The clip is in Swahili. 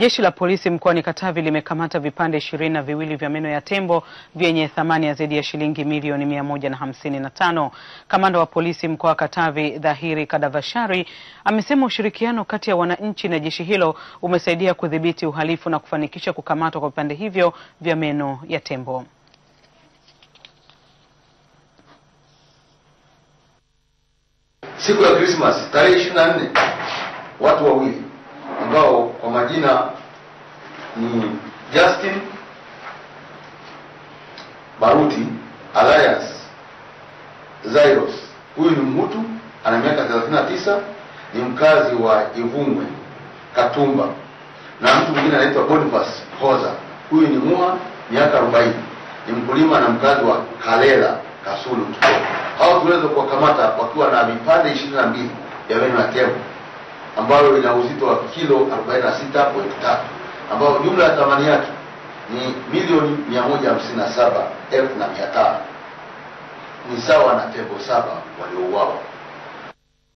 Jeshi la polisi mkoani Katavi limekamata vipande ishirini na viwili vya meno ya tembo vyenye thamani ya zaidi ya shilingi milioni mia moja na hamsini na tano. Kamanda wa polisi mkoa wa Katavi Dhahiri Kadavashari amesema ushirikiano kati ya wananchi na jeshi hilo umesaidia kudhibiti uhalifu na kufanikisha kukamatwa kwa vipande hivyo vya meno ya tembo. Siku ya Krismasi tarehe 24 watu wawili ambao kwa majina ni Justin Baruti alias Zairos. Huyu ni Mhutu, ana miaka 39, ni mkazi wa Ivungwe Katumba, na mtu mwingine anaitwa Boniface Hoza, huyu ni Muha, miaka 40, ni mkulima na mkazi wa Kalela Kasulu Mtoro. Hao tunaweza kuwakamata wakiwa na vipande 22 ya meno ya tembo ambayo ina uzito wa kilo 46.3 ambayo jumla ya thamani yake ni milioni 157,500 ni sawa na tembo saba waliouawa.